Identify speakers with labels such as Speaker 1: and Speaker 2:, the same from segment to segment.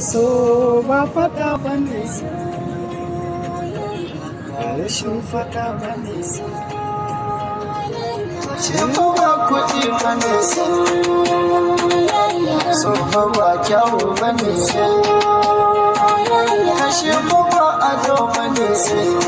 Speaker 1: so ba fata ba ne so ba rashin fata ba ne so
Speaker 2: Shefa ba kuɗi ba ne so
Speaker 1: Sofa ba kyawu ba ne so Shefa ba ado ba ne so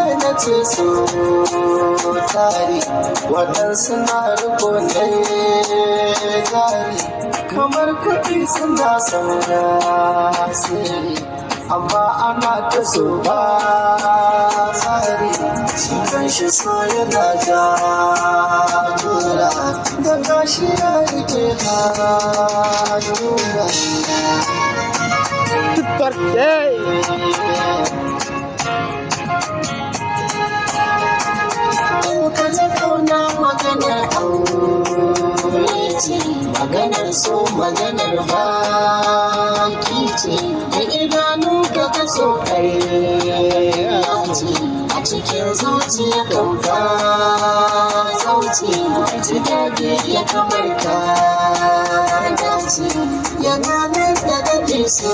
Speaker 1: ce su tari waɗansu na riko ne tari kamar kuɗi suna saura siri amma ana ta so ba tsari shi kan shi so yana ja jura da gashi ya rike ha jura Birthday! so maganar baki ce da idanu ka kaso ƙarya ce a cikin zuci ya ka sauce ka ji daɗi ya kamar ka ya ganar da kake so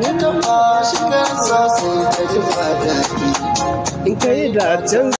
Speaker 1: You ta ba shi kansa sai ta ji ba daɗi. In that.